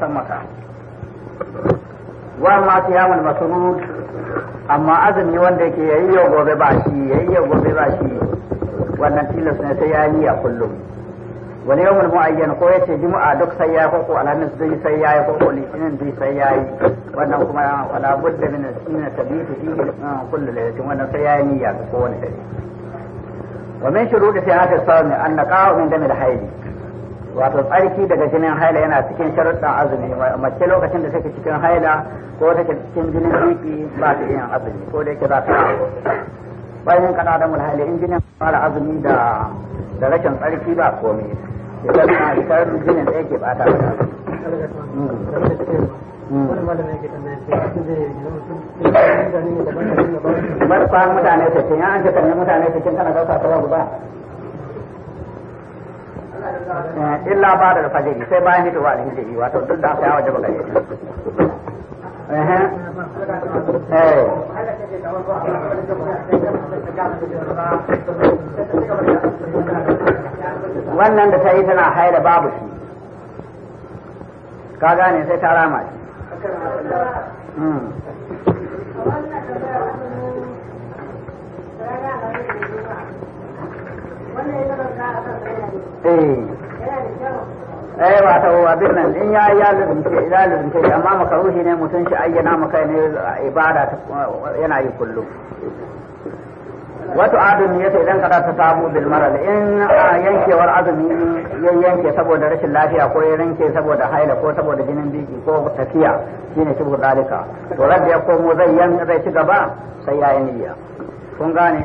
ƙasar maka wa ma siyamul masrud amma azumi wanda yake yayi yau gobe ba shi yayi yau gobe ba shi wannan tilas ne sai ya yi a kullum wani yawon mu'ayyan ko yace juma'a duk sai ya koko alhamis duk sai ya yi koko litinin duk sai ya yi wannan kuma wala budda min sunna tabitu fi ah, kullu laylatin wannan sai ya yi ya ko wani sai wa min shuruɗi sai hada sawmi an naqa'u min damil haidi wato tsarki daga jinin haila yana cikin sharuɗan azumi mace lokacin da take cikin haila ko take cikin jinin jiki ba ta yin azumi ko da yake za ta bayan kada da mulhali in jinin fara azumi da da rashin tsarki ba komai idan na ikar jinin da yake bata da hmm. Hmm. bar kwan mutane ta ce ya an ce kan mutane ta ce kana ga sa ta ba illa ba sai bayan da hijiri da waje eh. wannan da ta yi tana haida babu shi ka gane sai ta rama shi hmm. Eh. eh wato abin nan in ya ya lubunce ya lubunce amma makaruhi ne mutum shi ayyana maka ne ibada yana yi kullum wato azumi ya idan kada ta samu bil maral in yankewar azumi ya yanke saboda rashin lafiya ko ya yanke saboda haila ko saboda jinin biki ko tafiya shine shi dalika to rabbi ya komo zai yan zai ci gaba sai ya yi niyya kun gane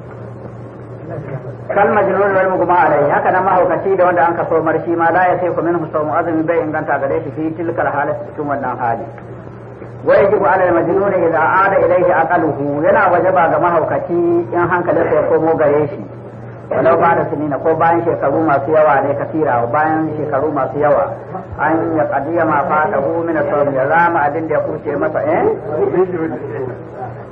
kal majnun wal mugma alai haka nan mahaukaci da wanda an kaso marshi ma la ya sai ku minhu mu azumi bai inganta gare shi fi tilkal halati cikin wannan hali wa yajibu ala al majnun idza ada ilayhi aqaluhu yana wajaba ga mahaukaci in hankalin sa ya komo gare shi walau ba da sunina ko bayan shekaru masu yawa ne ka kasira bayan shekaru masu yawa an ya qadiyama fa da hu min sawmi ya zama abin da ya kuce masa eh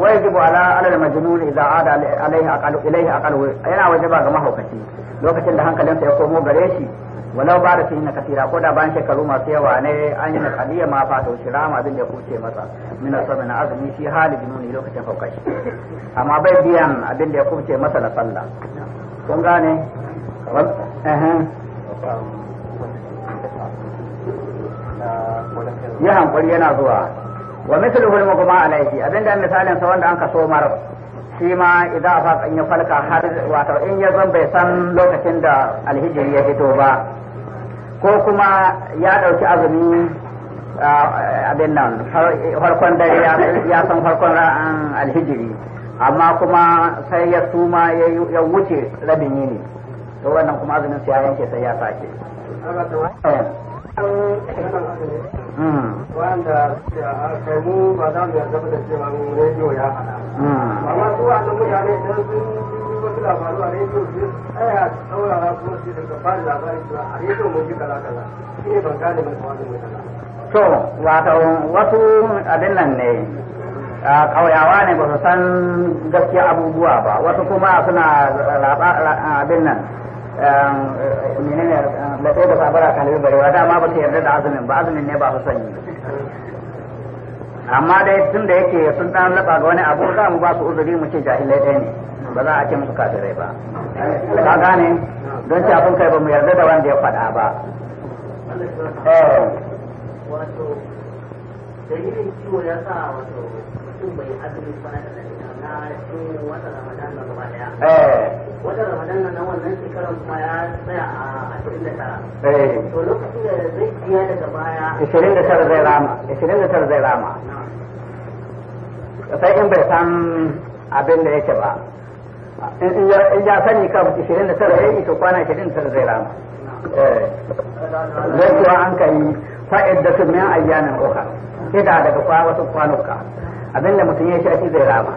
ويجب على على المجنون اذا عاد عليه اقل اليه اقل yana wajaba ga mahaukaci lokacin da hankalinsa ya komo gare shi walau ba da kasira ko da bayan shekaru masu yawa ne an yi nakaliya ma fata wuce rama abin da ya kuce masa min asabi na azumi shi hali jinuni lokacin haukaci amma bai biyan abinda ya kuce masa na sallah kun gane yana zuwa wa mithluhu al-mughma alayhi abinda misalin sa wanda an kaso mar shi ma idan fa in ya falka har wato in ya zan bai san lokacin da alhijri ya fito ba ko kuma ya dauki azumi abin nan farkon dare ya san farkon ran alhijiri amma kuma sai ya tuma ya wuce rabin yini to wannan kuma azumin sa ya yanke sai ya sake wanda kamu ba za mu yarda da cewa rediyo ya faɗa. Hmm. Amma su wasu mutane idan sun ji wasu labaru a rediyo su tsaya saurara kuma su daga ba da labarin cewa a rediyo mun ji kala kala. shi ne ban gane mai kawai mai kaza. To, wato wasu abin nan ne kauyawa ne ba su san gaskiya abubuwa ba wasu kuma suna abin nan menene da sai da sabara barewa dama ba su yarda da azumin ba azumin ne ba su sanyi amma dai tun da yake sun dan laba ga wani abu za mu ba su uzuri mu ce jahilai ɗaya ne ba za a ce musu kafirai ba ka gane don ci abin kai ba mu yarda da wanda ya faɗa ba wato dalilin ciwo ya sa wato mutum bai azumi ba na wata ramadan eh. na wannan shekarar kuma ya tsaya a ashirin da tara. Eh. to lokacin da zai biya daga baya. ashirin da tara zai rama ashirin da tara zai rama. sai in bai san abin da yake ba in ya sani kan ashirin da tara ya yi to kwana ashirin da tara zai rama. Eh. zai kuwa an kai fa'id da su min ayyamin uka. Ida daga kwa wasu kwanuka abinda mutum ya shi zai rama.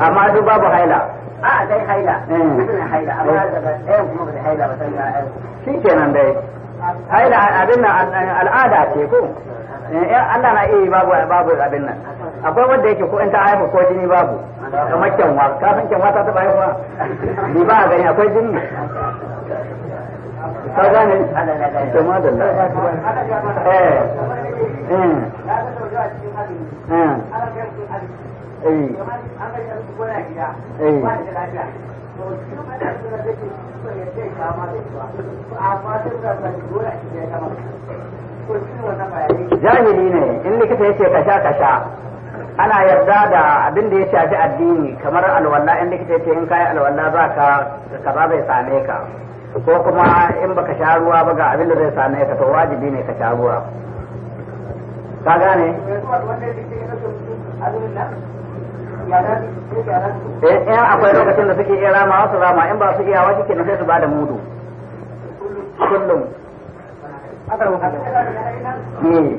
amma duk babu haila a dai haila haila amma da kuma da haila ba shi kenan dai haila abin nan al'ada ce ko Allah na iya babu babu abin nan akwai wanda yake ko in ta haifa ko jini babu kamar kyanwa ka san kyanwa ta taba haifa ni ba gani akwai jini Eh. Hmm. Hmm. Eh. Eh. jahili ne in likita kasha kasha ana yarda da abin da ya shafi addini kamar alwala in likita in ka in kayi alwala za ka kaza bai same ka ko kuma in baka sha ruwa ba ga abin da zai same ka to wajibi ne ka sha ruwa ka gane eh, in akwai lokacin da suke iya rama wasu rama in ba su iya wa shike sai su ba da mudu kullum ne eh.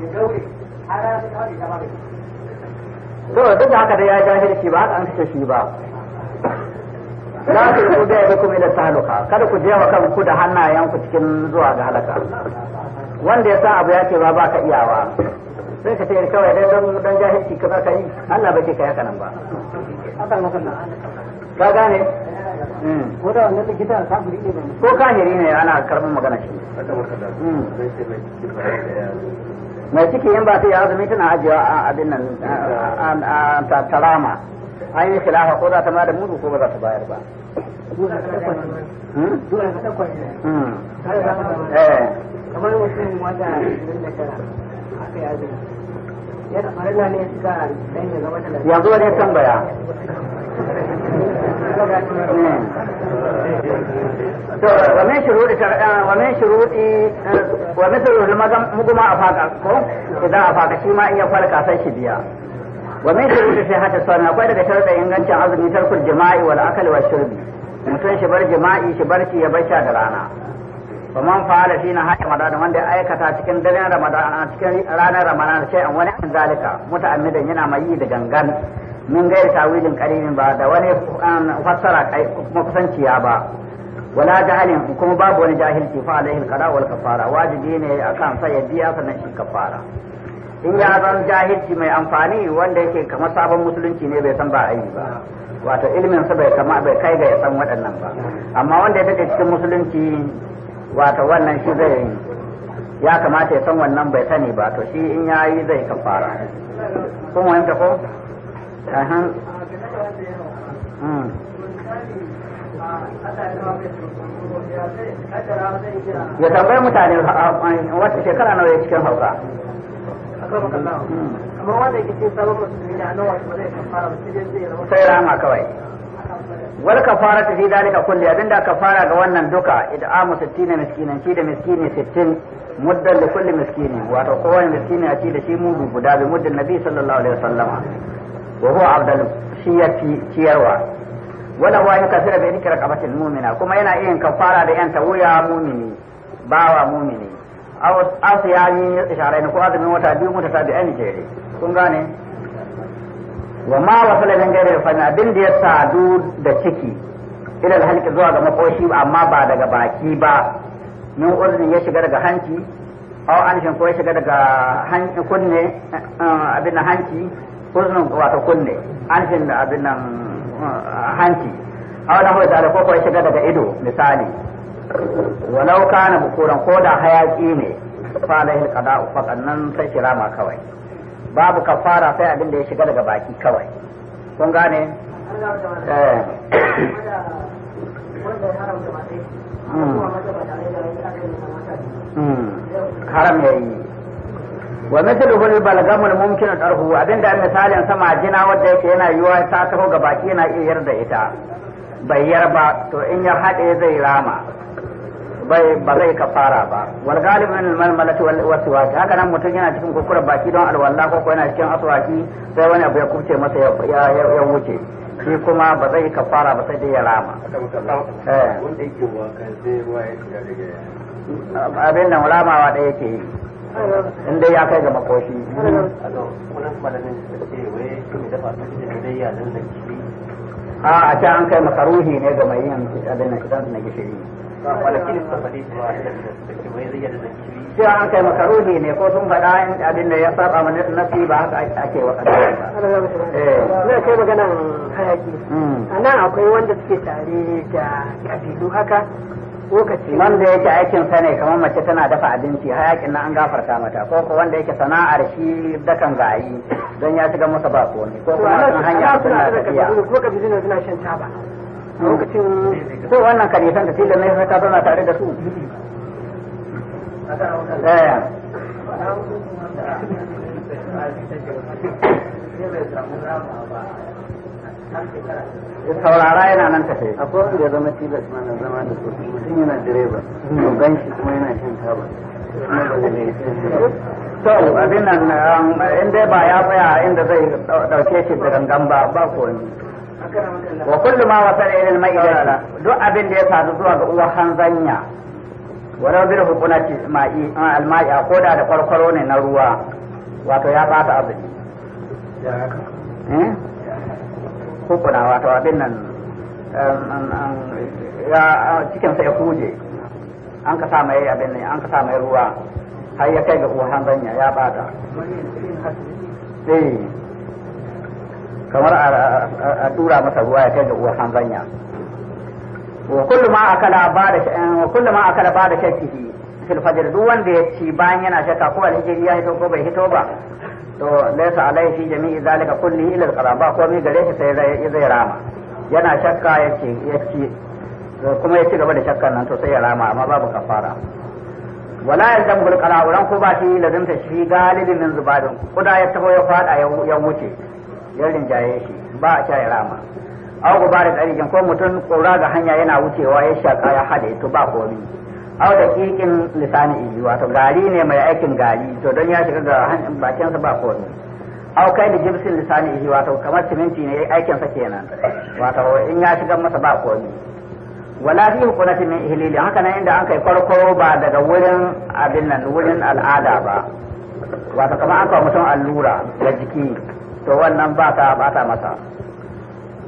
to duk da haka da ya jahilci ba an kashe shi ba la ta ku da kuma ila taluka kada ku jewa kanku da ku cikin zuwa ga halaka wanda ya san abu ya ce ba ba ka iyawa sai ka tayar kawai dai don don jahilci ka ka yi Allah bai ce ka haka nan ba ka gane hmm. ko da wanda ta gida ne ko kahiri ne ana karɓar magana shi hmm. mai ciki in ba ta yi azumi tana ajiyewa a abin nan tarama an yi khilafa ko za ta ma da mudu ko ba za ta bayar ba yanzu wani tambaya to wa a faka ko idan a shi ma sai shi biya wa min shuruɗi sai hata akwai daga sharɗin ingancin azumi tarkul jima'i wa la'akali wa shurbi mutum shi bar jima'i shi barci ya bar sha da rana fa man fa'ala fi na hayy madana wanda ya aikata cikin daren ramadan cikin ranar ramadana sai an wani an zalika muta'ammidan yana mai yi da gangan min gairi tawilin qarinin ba da wani fassara kuma kusanciya ba wala jahilin kuma babu wani jahilci fa alaihi alqada wal kafara wajibi ne akan sai ya biya sannan shi kafara in ya zan jahilci mai amfani wanda yake kamar sabon musulunci ne bai san ba a yi ba wato ilimin sa bai kama bai kai ga ya san waɗannan ba amma wanda ya dade cikin musulunci wato wannan shi zai ya kamata ya san wannan bai sani ba to shi in ya yi zai kafara kun wani ko? Hmm. ya tambayi mutane wata shekara nawa ya cikin hauka hmm. amma wanda sabon a nawa ba zai kafara ba sai zai rama kawai wal kafara ta fi dalika kulli abinda fara ga wannan duka id'amu 60 miskinan ci da miskini 60 muddan da kulli miskini wato kowane miskini a ci da shi mudu guda bi muddan nabi sallallahu alaihi wasallama wa huwa abdal shi ya fi ciyarwa wala wa in kasira bi dhikra qabatil mu'mina kuma yana yin kafara da yan tawuya mu'mini bawa mu'mini aw asiyani isharai ko azumin wata biyu mutata bi an jere kun gane wa ma wasala min ghairi fami abin da ya sadu da ciki ila halki zuwa ga makoshi amma ba daga baki ba min urdin ya shiga daga hanci aw shin ko ya shiga daga hanci kunne eh, abin nan hanci uznun wato kunne shin da abin nan eh, hanci aw da da ko ko ya shiga daga ido misali walau kana bukuran ko da hayaki ne fa qada'u fa kannan sai kirama kawai babu kafara sai abin da ya shiga daga baki kawai kun gane eh. hmm. Hmm. haram ya yi wa mithluhu hul balgam al-mumkin tarhu abinda an misalin sama jina wanda yake yana yiwa ta taho ga baki yana iya yarda ita bai ba to in ya haɗe zai rama bai ba zai fara ba wal galib malmalati wal waswas haka nan mutum yana cikin kokura baki don alwala ko kuma yana cikin aswaki sai wani abu ya kuce masa ya ya wuce shi kuma ba zai fara ba sai dai ya rama eh. wanda yake sai ruwa ya daga abin nan ramawa da yake yi in dai ya kai ga makoshi a can an kai makaruhi ne ga mai yin abin nan na gishiri kwanaki da suka faɗi wai zai yadda zaki an kai makaruni ne ko sun faɗa in abin da ya saba mana nafi ba haka ake wa ƙasa na kai magana hayaki a nan akwai wanda suke tare da ƙabilu haka lokaci wanda yake aikin sa ne kamar mace tana dafa abinci hayakin nan an gafarta mata ko ko wanda yake sana'ar shi dakan gayi don ya shiga masa ba ne. ko kuma hanya suna tafiya kuma kabilu suna shan taba lokacin ko wannan kalifan da tilan ne ta zauna tare da su eh. saurara yana ya zama tilas zama ba ya tsaya inda zai dauke shi da gangan ba ba ko wa kullu ma wasala ila al-ma'ida duk abin da ya sadu zuwa ga uwar hanzanya walau bil hukunati ma'i al-ma'i ko da da kwarkwaro ne na ruwa wato ya bata abin eh hukuna wato abin nan ya cikin sai kuje an ka sa mai abin nan an ka sa mai ruwa har ya kai ga uwar hanzanya ya bata eh kamar a tura masa ruwa ya kai ga uwar hanzanya wa kullu ma akala ba'da wa kullu ma akala ba'da shakkihi fil fajr duk wanda ya ci bayan yana shakka ko alhijri ya hito ko bai hito ba to laysa alai fi jami'i zalika kulli ila alqaraba ko mai gare shi sai zai rama yana shakka ya ci kuma ya ci gaba da shakkan nan to sai ya rama amma babu kafara wala yalzamu ran ko ba shi lazimta shi galibin min zubadin kuda ya tabo ya fada ya wuce ya rinjaye shi ba a cire rama aw gubara tsarikin ko mutum kora ga hanya yana wucewa ya shaka ya haɗe to ba komi au da kikin lisani iji wato gari ne mai aikin gari to don ya shiga ga bakinsa ba komi au kai da jibsin lisani iji wato kamar siminti ne aikinsa kenan wato in ya shiga masa ba komi wala fi hukunati min ihlili haka nan inda an kai farko ba daga wurin abin nan wurin al'ada ba wato kamar an kawo mutum allura da jiki to wannan ba ta bata masa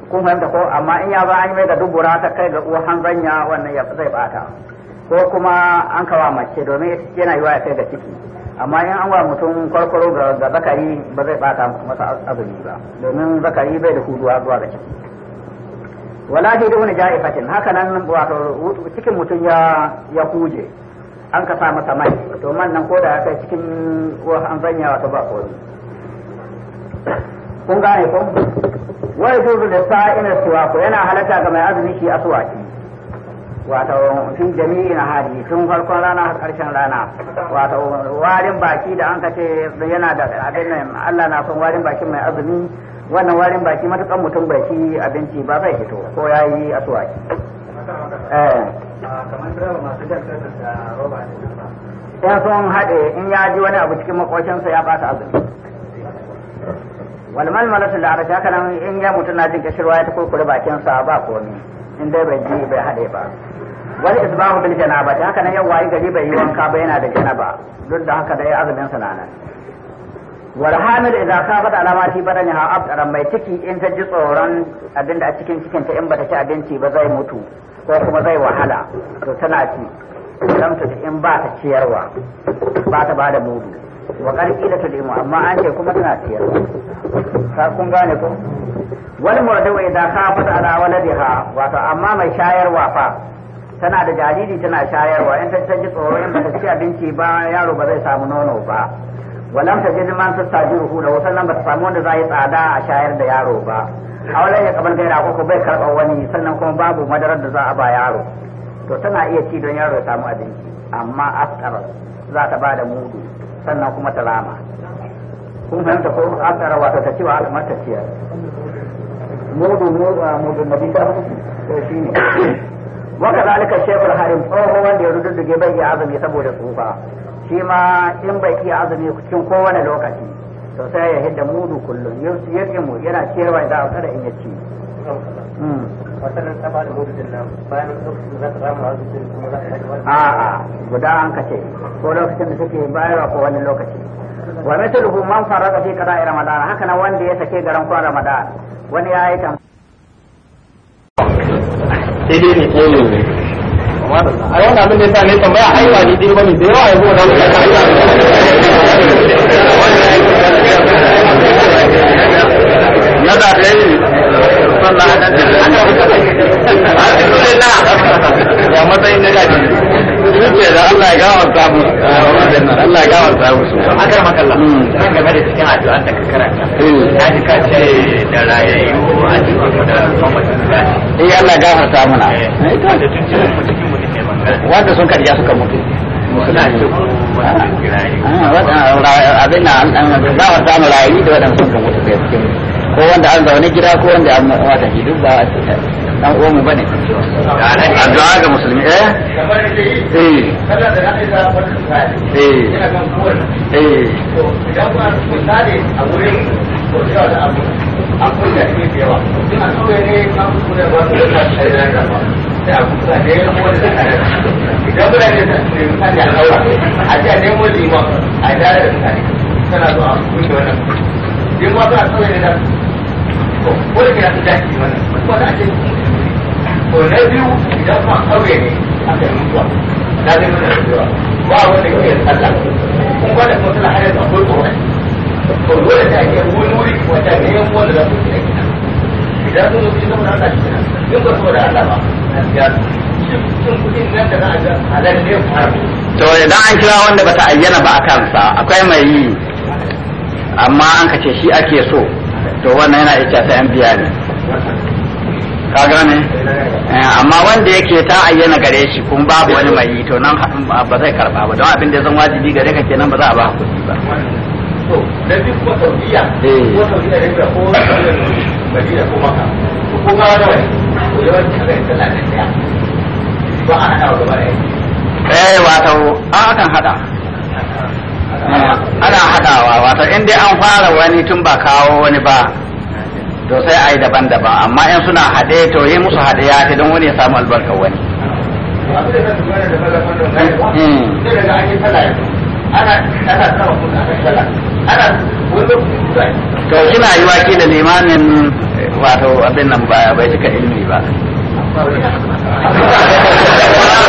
kun fahimta ko amma in ya ba an yi mai da dubura ta kai ga uwar hanzanya wannan ya zai bata ko kuma an kawa mace domin yana yiwa ya kai ga ciki amma in an wa mutum kwarkwaro ga zakari ba zai bata masa azumi ba domin zakari bai da huduwa zuwa ga ciki wala shi da wani ja'ifatin haka nan wato cikin mutum ya ya huje an ka sa masa mai to man nan ko da ya kai cikin uwar hanzanya wato ba komai kun gane ko wai zuzu da sa'ina suwa ko yana halatta ga mai azumi shi asuwaki wato fi jami'in hali tun farkon rana har karshen rana wato warin baki da an kace yana da abin nan Allah na son warin baki mai azumi wannan warin baki matukan mutum bai ci abinci ba zai fito ko yayi asuwaki eh kamar masu da roba in sun haɗe in ya ji wani abu cikin makocinsa ya ba ta azumi Walmal malatin da aka haka nan in ya mutu na jin kishirwa ya ta kurkure bakin sa ba komai in dai bai ji bai hade ba wani isbahu bil janaba haka nan yau gari bai yi wanka ba yana da janaba duk da haka da ya azumin sa nan wal hamil idza da alamati ha abtaran mai ciki in ta ji tsoron abinda a cikin cikin ta in bata ci abinci ba zai mutu ko kuma zai wahala to tana ci ta in ba ta ciyarwa ba ta ba da mudu wa karkila ta limu amma an ce kuma tana ciyar ka kun gane ko wal murdawa idza khafat ala waladiha wato amma mai shayarwa fa tana da jariri tana shayarwa in ta ji tsoro in ba ci abinci ba yaro ba zai samu nono ba walam ta jin man ta ruhu da wasallam ba ta samu wanda yi tsada a shayar da yaro ba wani ya kabar gaira ko bai karɓa wani sannan kuma babu madarar da za a ba yaro to tana iya ci don yaro ya samu abinci amma aftar za ta ba da mudu sannan kuma ta rama kun fahimta ko an tsara wata ta cewa al'amar ta ciyar mudu mudu mudu nabi ta shi ne waka zalika shekul harin tsoho wanda ya rududduge bai iya azumi saboda tsufa shi ma in bai iya azumi cikin kowane lokaci to sai ya hidda mudu kullum yau mu yana cewa da a kada in ya ci Hmm. a'a guda an ka ce ko lokacin da suke bayarwa ko wani lokaci wa mithluhu man farada fi qada'i ramadan haka nan wanda ya sake garan kwa ramadan wani ya yi kan sai dai ne koyo ne a wannan abin da ya sa ne tambaya aiwa ne dai bane da yawa ya zo da Allah ya matsayin na gaji suke da Allah ya gawar samu Allah ya gawar samu su a kan makalla kan hmm. game da cikin addu'an da ka karanta ta hmm. ji ka ce da rayayyu a cikin da mamacin gaji eh Allah gawar samu eh, na wanda sun ce mutum mutum ne ba wanda sun karya suka mutu suna ce ah, ah, ah, abin na an samu da waɗanda sun mutu da cikin ko wanda an zaune gida ko wanda an mata ba dan ga musulmi eh eh kada da da wata eh eh idan ba ku a wurin ko da abu an kunya ne da yawa ne ba da da idan ne ne a a da zuwa wannan ne da ko na idan kuma kauye ne yi mutuwa zai da cewa ba wanda yi ba kuma dole ta To idan an kira wanda bata ayyana ba a kansa akwai mai yi amma an kace shi ake so to wannan yana iya ta yan biya ne ka gane eh, amma wanda yake ta ayyana gare shi kun babu wani mai to nan ba zai karba ba don abin da zan wajibi gare ka kenan ba za a ba kuɗi ba to eh. da duk ko saudiya ko saudiya da ko madina ko maka ko ma da wani ko yawan kare da lafiya ba ana da wani eh wato a akan hada ana haɗawa wato in dai an fara wani tun ba kawo wani ba to sai a yi daban-daban amma in suna haɗe to yi musu haɗe ya ce don wani ya samu albarkar wani to kina yi waki da limamin wato abin nan ba bai cika ilmi ba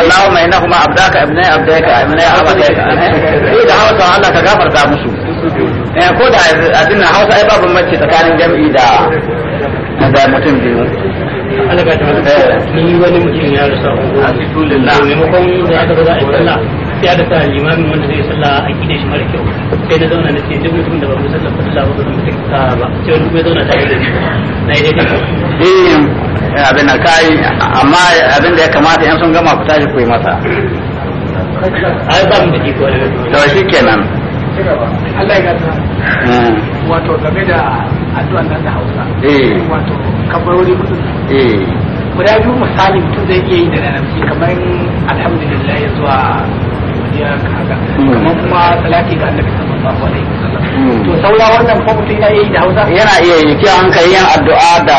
اللهم انهما عبداك ابناء عبدك ابناء عبدك ايه da hausa Allah ka gafarta musu eh ko da abin nan hausa ai babu mace tsakanin jami'i da da mutum biyu Allah ka eh. ni wani mutum ya rasa alhamdulillah maimakon da aka a sai aka sa limamin wanda zai salla a kide shi mara kyau sai na zauna na ce duk mutum da ba mu salla ba salla ba mu ta ba sai wani kuma zauna tare da ni na yi daidai eh abin da kai amma abin da ya kamata yan sun gama ku tashi ku yi masa ai ba mu da iko ne to shikenan Allah ya gata hmm. wato game da addu'an nan da Hausa eh. wato kabarori mutum eh guda biyu misali mutum zai iya yi da larabci kamar alhamdulillah ya zuwa kamar hmm. kuma salati ga annabi sallallahu alaihi wasallam hmm. to saura wannan mutum yana yi da Hausa yana iya yi ki an kai yin addu'a da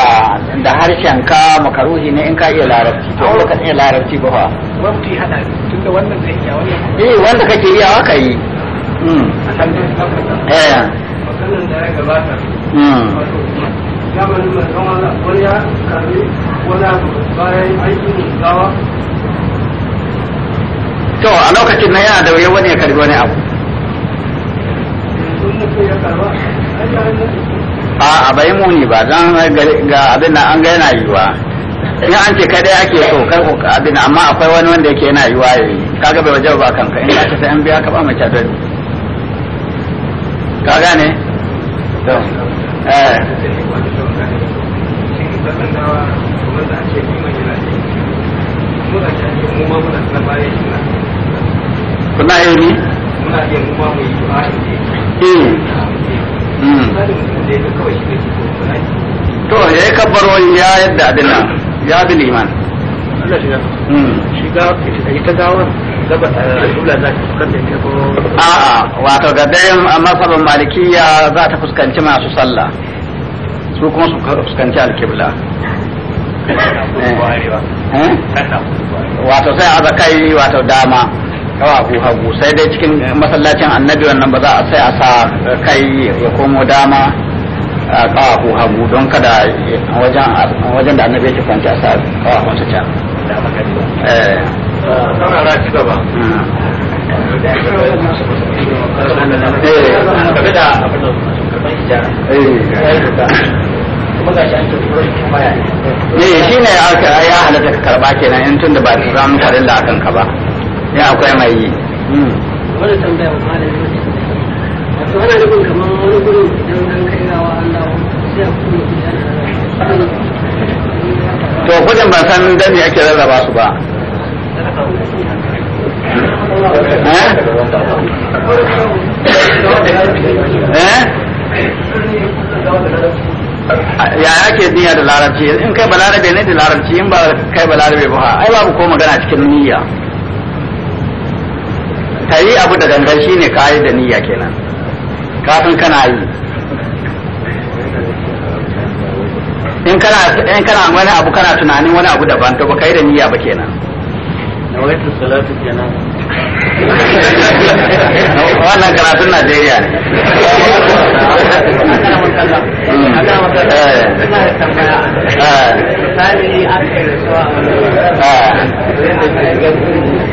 da harshen ka makaruhi ne in ka iya larabci to ba ka iya larabci ba fa wanda ya hada tunda wannan zai iya wannan eh wanda kake iya haka yi mm eh wannan da ya gabata mm zamanin manzon Allah wani ya karbi wani bayan aikin gawa to a lokacin na yana da wuya wani ya karbi wani abu a a bai muni ba zan ga abin an ga yana yiwa in an ce kadai ake so kai abin amma akwai wani wanda yake yana yiwa yi kaga bai waje ba kanka in ka sai an biya ka ba mace da ka gane to eh mu a ce mu ma muna kuna iya ni muna iya kuma mu yi ne eh. hmm. Hmm. to kabbaro ya yadda adina ya bi liman hmm. eh, a'a wato ga dayan masabar malikiya za ta fuskanci masu sallah su kuma su fuskanci alkibla eh. wato sai a wato dama kawafu hagu sai dai cikin masallacin annabi wannan ba za a sai a sa kai ya komo dama kawafu hagu don kada wajen da annabi ya yake kwanci a sa kawafun su can ne shi ne ya halatta ka karba kenan in tun da ba su zama farin akan ka ba ya akwai mai yi hmm. ba kai to kudin ban san dani ake rarraba su ba eh? Eh? ya ake niyya da larabci in kai balarabe ne da larabci in ba kai balarabe ba ai babu ko magana cikin niyya ka yi abu da gangan shi ne ka yi da niyya kenan kafin kana yi in kana in kana wani abu kana tunanin wani abu daban to ba yi da niyya ba kenan salatu kenan wannan karatun Najeriya ne eh. Eh.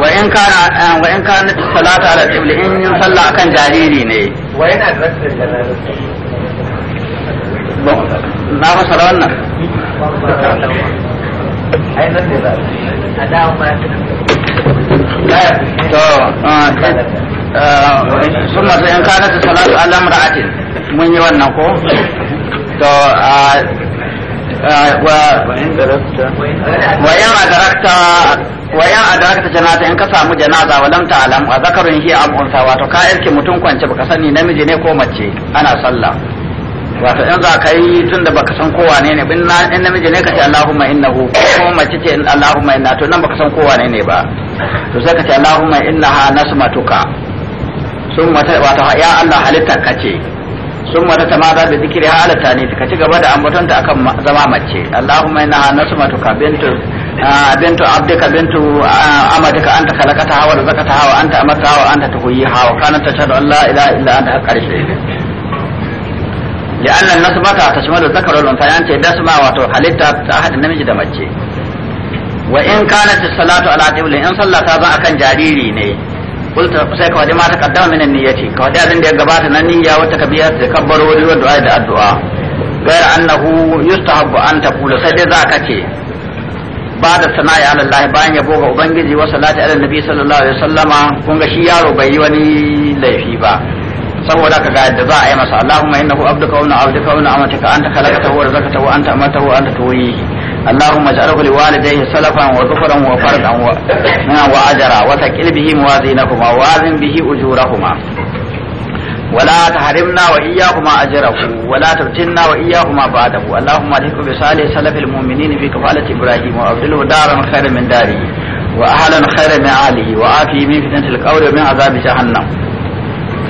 وإن كان وإن كانت الصلاة على الطفل إن صلى كان جاريري ne. وين أدركت الجنازة؟ ما وصل لنا. ثم إن كانت الصلاة على امرأة من يوانا كو wayan adarakta wayan adarakta janaza in ka samu ولم تعلم وذكر ta'lam هي zakarun hi am unsa wato ka irke mutum kwance baka sani namiji ne ko mace ana sallah wato in za ka yi tun da baka san kowa ne ne in namiji ne ka ce Allahumma ko mace ce Allahumma inna to nan baka san kowa ne ne ba to sai ka ce Allahumma innaha nasmatuka sun ya Allah halittar ka ce sun wata ta mata da zikiri ha alata ne ka ci gaba da ambatonta akan zama mace Allahumma inna matuka bintu ah, bintu abdika bintu ah, amadika anta khalaqata hawa wa zakata hawa anta amata hawa anta tuhuyi hawa kana tashhadu an la ilaha illa anta har karshe li'anna nasmata tashmalu dhakara wal ce yanti dasma wato halitta ta hada namiji da mace wa in kanat salatu ala tibli in sallata ba akan jariri ne kulta sai ka waje ma taqaddama min niyyati abin da ya gabata na niyya wata kabiya da da addu'a غير أنه يستحب أن تقول سيدي ba بعد الثناء على الله بان يبوغ أبنجزي وصلاة على النبي صلى الله عليه وسلم كونغ شيار بيواني ليفي با saboda ka ga yadda za a yi masa Allahumma innahu abduka wa abduka wa amataka anta khalaqtahu wa razaqtahu wa anta amatahu wa anta اللهم اجعله لوالديه سلفا وظفرا وفردا واجرا وثقل به موازينكما وازن به اجورهما ولا تحرمنا واياهما اجره ولا تفتنا واياهما بعده اللهم الحق بصالح سلف المؤمنين في كفاله ابراهيم وابدله دارا خيرا من داره واهلا خيرا من اهله وعافيه من فتنه القول ومن عذاب جهنم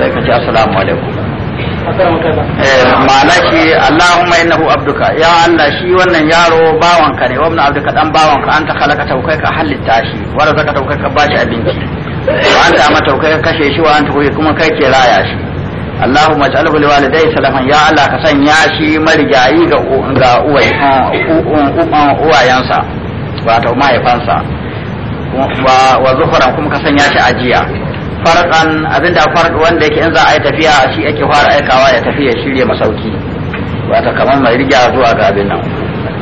sai ka ce assalamu alaikum Eh, ma'ana shi Allahumma innahu abduka ya Allah shi wannan yaro bawanka ne wannan abduka dan bawanka ta halaka taukai ka halitta shi wanda zaka taukai ka bashi abinci wa anta amma taukai ka kashe shi wa anta kuma kai ke raya shi Allahumma ij'alhu liwalidayhi salaman ya Allah ka sanya shi marjayi ga ga uwaye uwan uwayansa wato mahaifansa wa zuhuran kuma ka sanya shi ajiya farkan abinda fark wanda yake in za a yi tafiya shi ake fara aikawa ya tafi ya shirya masauki wata kamar mai rigya zuwa ga abin nan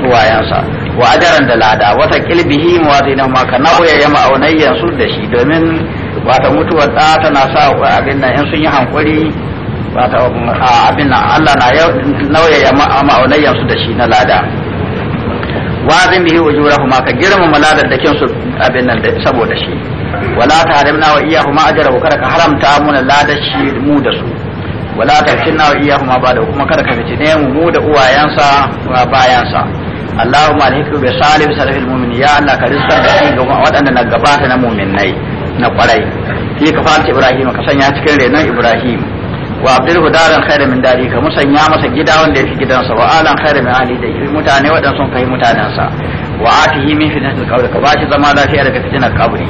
tuwayensa wa ajaran da lada wata kilbihi wata ina ma ka nauya ya ma'aunayyan su da shi domin wata mutuwar da tana sa abin nan in sun yi hankuri wata abin nan Allah na nauya ya ma'aunayyan su da shi na lada wazin bihi wajurahuma ka girmama maladar da kinsu abin nan saboda shi wala ta harimna wa iyahu ma kada ka haramta muna ladashi mu da wala ta kinna wa ba da kuma kada ka fitine mu mu da uwayansa wa bayansa Allahumma alhiqu bi salih salihil mu'min ya Allah ka rizqa da shi waɗanda na gabata na muminai na kwarai fi ka fara Ibrahim ka sanya cikin renon Ibrahim wa abdul hudaran khairu min dari ka musanya masa gida wanda yake gidansa wa alan Ali min ahli da mutane waɗanda sun kai mutanensa wa atihi min fitnatil qabr ka bashi zama lafiya daga fitnar kabri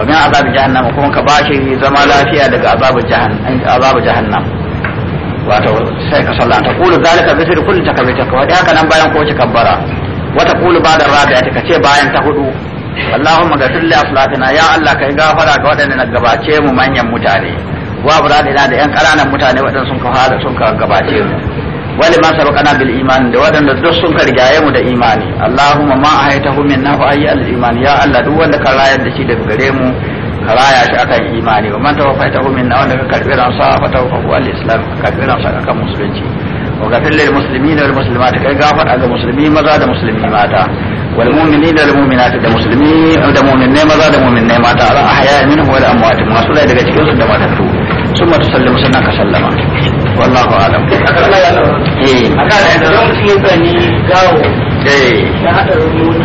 wa min azab jahannam kuma ka bashi zama lafiya daga azab jahannam azab jahannam wato sai ka sallah ta kulu zalika bi sirri kullu takbita ka wadi haka nan bayan ko ci kabbara wa ta kulu ba da rabi'a ka ce bayan ta hudu Allahumma ghafir li aslatina ya Allah kai gafara ga waɗanda na gabace mu manyan mutane wa buradina da yan ƙananan mutane waɗanda sun ka fara sun ka gabace mu wali ma sabaqana bil iman da wadanda duk sun karjaye mu da imani Allahumma ma ahaytahu min fa ayi al iman ya Allah duk wanda ka rayar da shi daga gare mu ka raya shi akan imani wa man tawaffaytahu min wanda ka karbi ransa fa tawaffahu al islam ka karbi ransa akan musulunci wa gafir lil muslimin wal muslimat kai gafar ga musulmi maza da muslimi mata wal mu'minin wal mu'minat da muslimi da mu'minai maza da mu'minai mata ala ahya minhu wal amwat masu daga cikin su da matattu summa tusallimu sannan ka sallama wallahu alam eh akan da don mutum ya ni gawo eh hmm. da hadarin mutu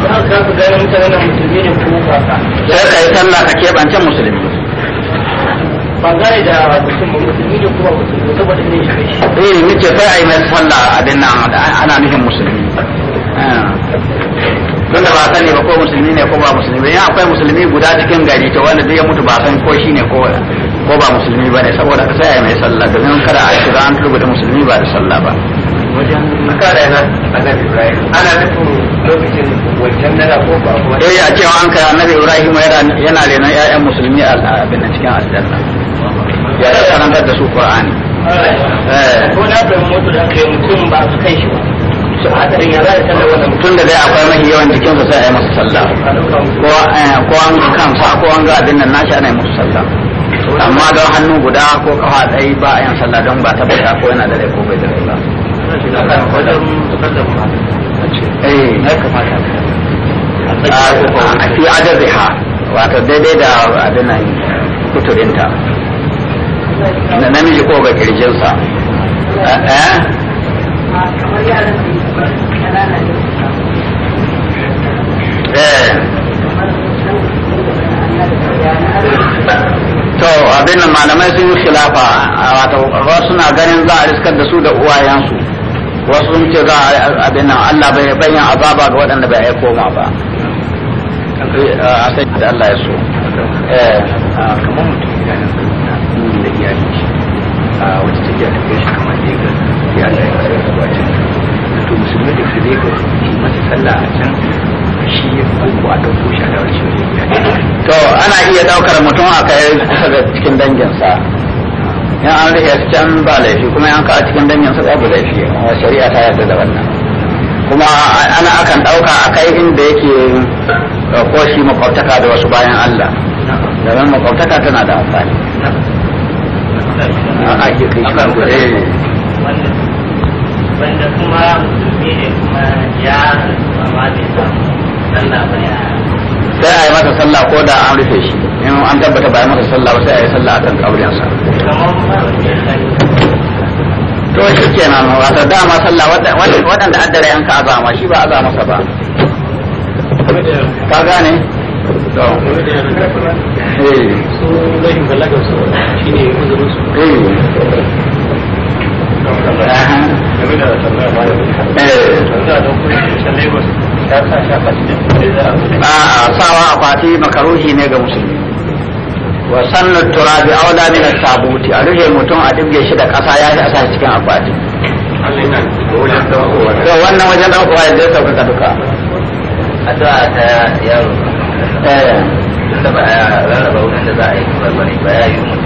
za ka ga ganin mutanen musulmi ne ko ba ka sai kai sallah ka kebance musulmi ba zai da mutum musulmi ne kuma musulmi saboda ne shi eh nace sai ai mai sallah abin nan ana nufin musulmi hmm. don da ba sani ba ko musulmi ne ko ba musulmi ya akwai musulmi guda cikin gari to wanda zai mutu ba san ko shi ne ko ko ba musulmi ba ne saboda ka tsaya mai sallah domin kada a shiga an turba da musulmi ba da sallah ba wajen kada na annabi ibrahim ana nufin lokacin wajen nada ko ba kuma eh ya cewa an kai annabi ibrahim yana renon ƴaƴan musulmi a abin nan cikin aljanna ya da karantar da su qur'ani eh. ko da bai mutu da kai mutum ba su kai shi ba tun da zai akwai mahi yawan jikin su sai a yi masu sallah ko an eh, kansa ko an ga abin nan nashi ana yi masu sallah amma don hannu guda ko kafa ɗaya ba a yin sallah don ba tabbata ko yana da rai ko bai da ba eh. a ko ga kirjinsa eh? Eh. to abin nan malamai sun yi khilafa wato wasu na ganin za a riskar da su da uwayensu wasu sun ce za a abin nan Allah bai bayyan azaba ga waɗanda bai aiko ma ba eh, a sai da Allah ya so eh kamar mutum yana da iyali a wata tafiya ta kai shi kamar Lagos ya da ya sai da musulmi da su Lagos shi mata sallah a can shi ya fi a ɗauko shi a daure shi to ana iya ɗaukar mutum a kai kusa ga cikin danginsa in an rike can ba laifi kuma yanka a cikin danginsa ba babu laifi shari'a ta yarda da wannan kuma ana akan ɗauka a kai inda yake eh, ko shi makwabtaka da wasu bayan Allah domin makwabtaka tana da amfani wanda kuma musulmi ne kuma ya amma bai samu sai a yi masa sallah ko da an rufe shi in an tabbata ba a yi masa sallah ba sai a yi sallah akan kaburinsa to shi kenan wata dama sallah waɗanda addare yanka azama shi ba aza masa ba ka gane Eh. a'a sawa akwati makaruhi ne ga musulmi wa sannar turabi auda min sabuti a rufe mutum a dubge shi da kasa ya yi asa cikin akwati wannan wajen da kuwa yadda ya sauka sauƙaƙa duka a ta yaro eh. da ba a rarraba wurin da za a yi kuma ba ya yi mutum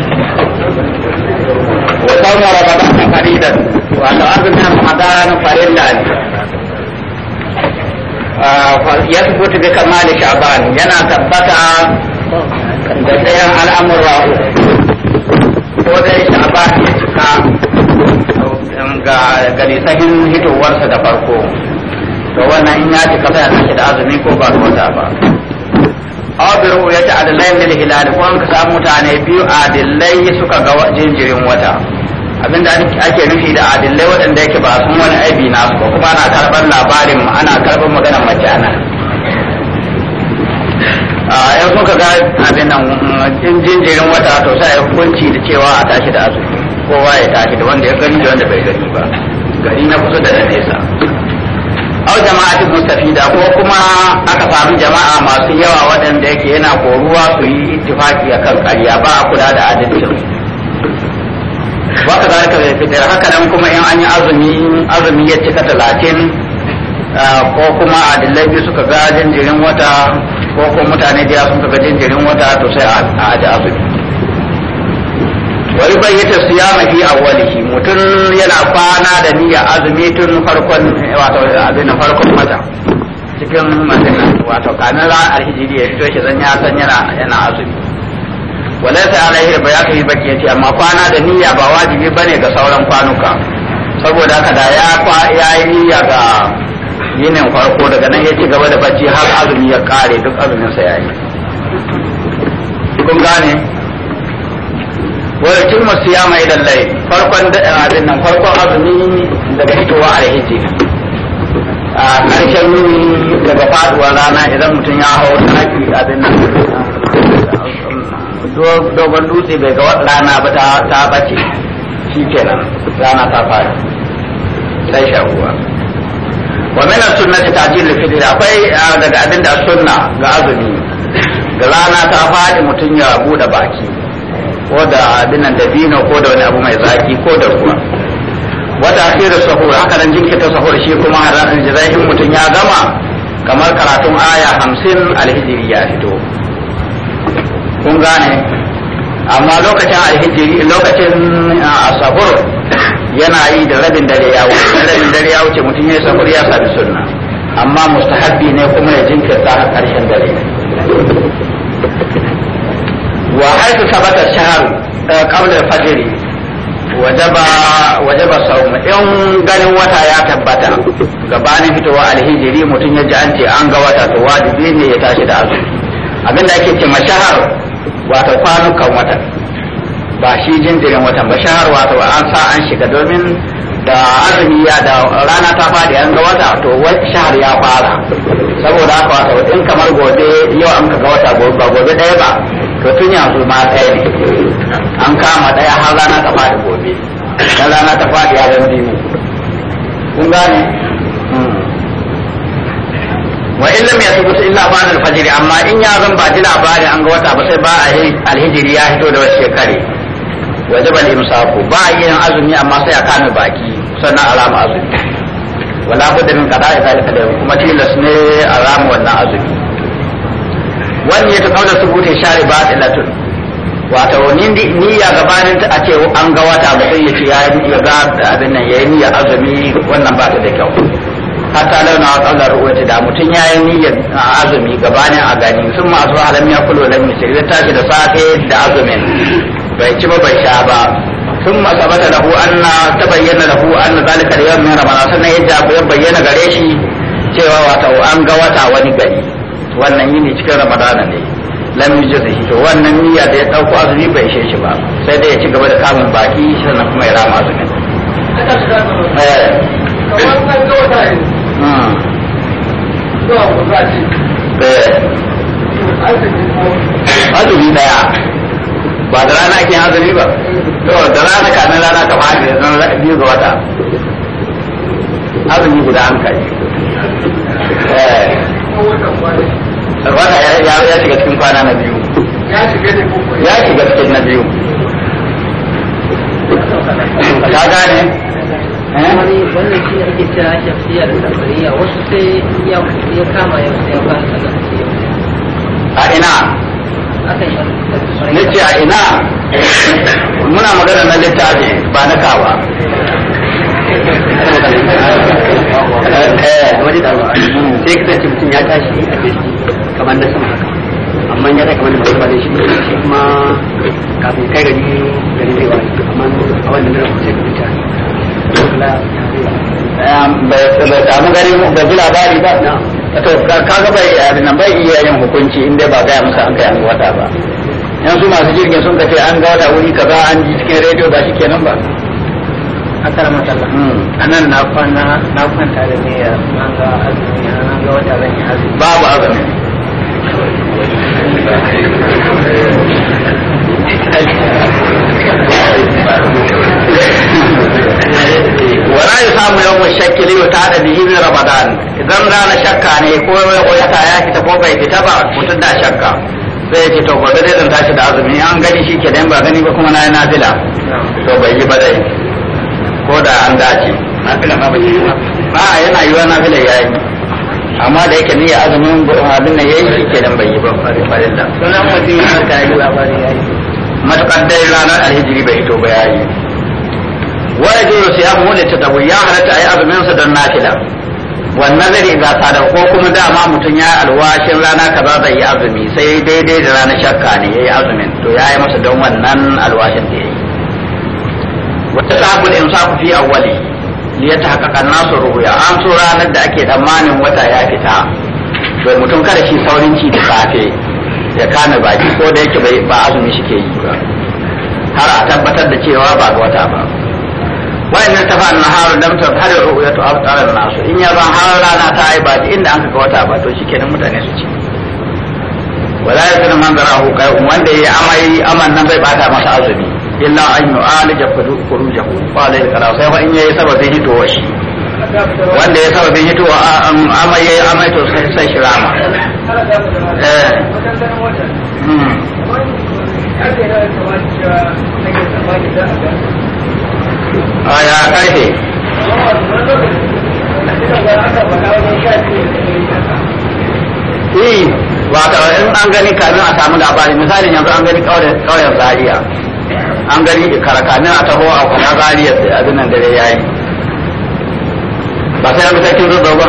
wa sawma ramadan faridan ah, wa ta azna ramadan faridan ya tabbata bi kamal sha'ban yana tabbata da tsayan al'amura ko dai sha'ban ya cika ga ga lisahin hitowarsa da farko to wannan in ya cika ya an da azumi ko ba wata ba aw bi ru'yati adlayn lil hilal ko an ka samu mutane biyu adillai suka ga jinjirin wata abinda ake nufi da adillai waɗanda yake ba sun wani aibi na su kuma ana karɓar labarin ana karɓar maganar mace ana a yau sun ka ga abin nan jinjirin wata to sai hukunci da cewa a tashi da azu kowa ya tashi da wanda ya gani da wanda bai gani ba gari na kusa da na nesa au jama'atin mustafida ko kuma aka samu jama'a masu yawa waɗanda yake yana koruwa su yi ittifaki akan ƙarya ba a kula da adalcin wa ka zalika zai fitar haka nan kuma in an yi azumi azumi ya cika talatin ko kuma adillai biyu suka ga jinjirin wata ko kuma mutane biya sun ga jinjirin wata to sai a aji azumi wai bai yata siyama a awwalihi mutum yana kwana da niyya azumi tun farkon wato abin farkon mata cikin madina wato kanin ran alhijiri ya fito shi zan ya san yana yana azumi walaysa alaihi ba ya kai baki yace amma kwana da niyya ba wajibi bane ga sauran kwanuka saboda haka da ya kwa ya yi niyya ga yinin farko daga nan ya ci gaba da bacci har azumi ya kare duk azumin sa yayi kun gane wala kin musiyama ila lai farkon da abin nan farkon azumi daga fitowa alhiji a karshen daga faduwar rana idan mutum ya hau taki abin nan dogon dutse bai ga rana ba ta bace shi kenan rana ta fara sai shaguwa wa min sunnati ta'jil fitr akwai ah, daga abin da sunna ga azumi ga rana ta fadi mutun ya bude baki ko da abin da dino ko da wani abu mai zaki ko da ruwa wata akhir sahur haka nan jinkirta sahur shi kuma ranar jaza'in mutun ya gama kamar karatun aya 50 alhijri ya fito kun gane amma lokacin alhijiri lokacin asahur yana yi da rabin dare ya wuce rabin dare ya wuce mutum ya sahur ya sami sunna amma mustahabbi ne kuma ya jinkirta har karshen dare wa haifu sabatar shahar kaular eh, fajiri ba sau in ganin wata ya tabbata gabanin fitowa alhijiri mutum ya ji an ce an ga wata to wajibi ne ya tashi da azu abinda ake ce mashahar wato kwanukan watan ba shi jinjirin watan ba shahar wato an sa an shiga domin da azumi ya da rana ta fadi an ga wata to shahar ya fara saboda haka wato in kamar gobe yau an ga wata gobe ba gobe ɗaya ba to tun yanzu ma ɗaya ne an kama ɗaya har rana ta fadi gobe dan rana ta fadi ya zama biyu kun gane wa in lam yatubu illa ba'da al-fajr amma in ya zan ba ji labarin an ga wata ba sai ba al-hijri ya hito da wasu shekare wajib al-imsaku ba yin azumi amma sai a kame baki sannan alama azumi wala budda min qada'i zalika da kuma tilas ne alama wannan azumi wani ya ta kaula subutin shari ba da tilatun wato ya gabanin a ce an ga wata sai ya ce ya ga abin nan ya yi niyya azumi wannan ba ta da kyau hatta launa a tsallar ruwata da mutum ya yi niyyar azumi gabanin a gani sun masu halar ya kulo lam yusir ya tashi da safe da azumin bai ci ba bai sha ba sun masabata an anna ta bayyana lahu anna zalika da yawan mana sannan yadda jabu ya bayyana gare shi cewa wata an ga wata wani gari wannan yini cikin ramadana ne lam shi to wannan niyya da ya ɗauko azumi bai ishe shi ba sai dai ya ci gaba da kamun baki sannan kuma ya rama azumin Hmm. Eh. azumi daya ba da rana ake azumi ba da rana kamin rana ka fadi da rana ka biyu ga wata azumi guda an kai eh. wata ya shiga cikin kwana na biyu ya shiga cikin na biyu ka gane wani wannan shi ne ake cewa shafiya da wasu ya kama ya a ina nace a ina muna magana na littafi ba na kawa eh, a amma ya ta kamar da bane shi shi kuma kafin kai gari gari zai wani amma a wannan bai samu gari ba ji labari ba to kaga bai nan bai iya yin hukunci in dai ba gaya musu an kai an wata ba yanzu masu jirgin sun kace an gada wuri kaza an ji cikin rediyo ba shi kenan ba matsala a nan na kwana na kwanta da ne na ga azumi na ga wata zan yi azumi babu azumi Thank you. wala ya samu yawan shakki ne ta da bihi min ramadan idan na shakka ne ko ya ta ya ta ko bai ba mutum da shakka zai ce to gobe zai zanta shi da azumi an gani shi kenan ba gani ba kuma na yana nafila to bai yi ba dai ko da an dace na fila ma bai yi ba yana yiwa na ya yayi amma da yake niyya azumin abin nan yayi shi dan bai yi ba farin da sunan mutum ya ta yi labari yayi matukar dai ranar alhijiri bai to ba yi. wa yajuzu siyamu wanda ta tabu ya halatta ayi azumin sa don nafila wannan nazari ga sadar ko kuma dama mutum ya alwashin rana kaza zai yi azumi sai daidai da ranar shakka ne yayi azumin to yayi masa don wannan alwashin da yayi wa tasabu in imsaku fi awwali li ya an-nasu ruya an so ranar da ake tsammanin wata ya fita bai mutum kada shi saurin ci da safe ya kana baki ko da yake ba azumi shi ke yi ba har a tabbatar da cewa ba wata ba wa'in nan ta fa na haru lam ta har yau ya to abtaran nasu in ya ban har rana ta ai ba inda an ka wata ba to shikenan mutane su ci wala ya kana man zarahu kai wanda yayi amai aman nan bai bata masa azumi illa an yu'alija furujahu qala ya kana sai fa in yayi sababin wa shi wanda ya sababin hitowa amai yayi amai to sai sai shi rama eh hmm a ah, ya karfe eh wata in an gani kamin a samu labari misalin yanzu an gani kauyen zaria an gani ikara kamin a taho a kwana zaria sai abin nan dare yayi ba sai an bi sarkin zuwa ba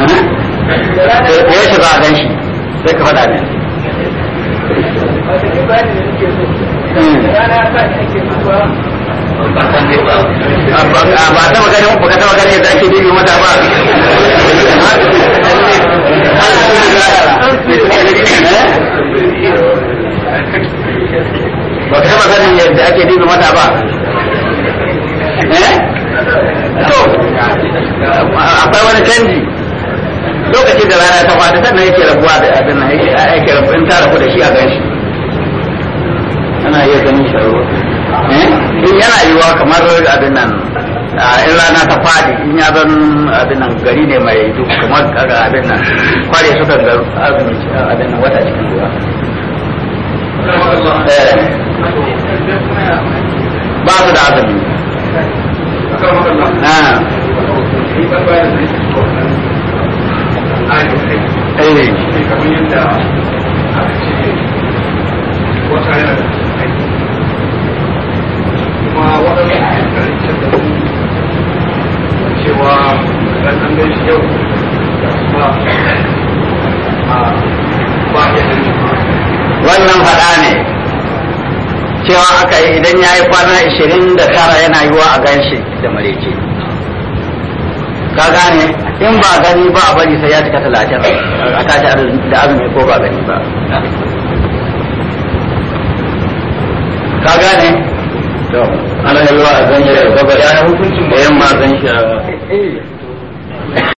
ya eh? eh, shi ba a gan shi sai ka faɗa ne ba ta magana ba ka ta magana yadda ake dibi mata ba ba ka taba sanin yadda ake dibi mata ba akwai wani canji lokacin da rana ta fata sannan yake rabuwa da abin nan yake rabu in ta rabu da shi a ganshi yana yiwuwa kamar abin nan in rana ta fadi in ya zan abin nan gari ne mai duhu kamar abin nan kware su kan garu abin nan wata cikin ruwa eh. ba su da azumi ah. Eh. kuma cewa da shi yau da kuma ba ya wannan faɗa ne cewa aka yi idan ya yi kwana ishirin da tara yana yiwa a ganshi da marece ka gane in ba gani ba a bari sai ya cika talatin a tashi da azumi ko ba gani ba ka gane ana yi wa a zan yi da gaba hukuncin zan shi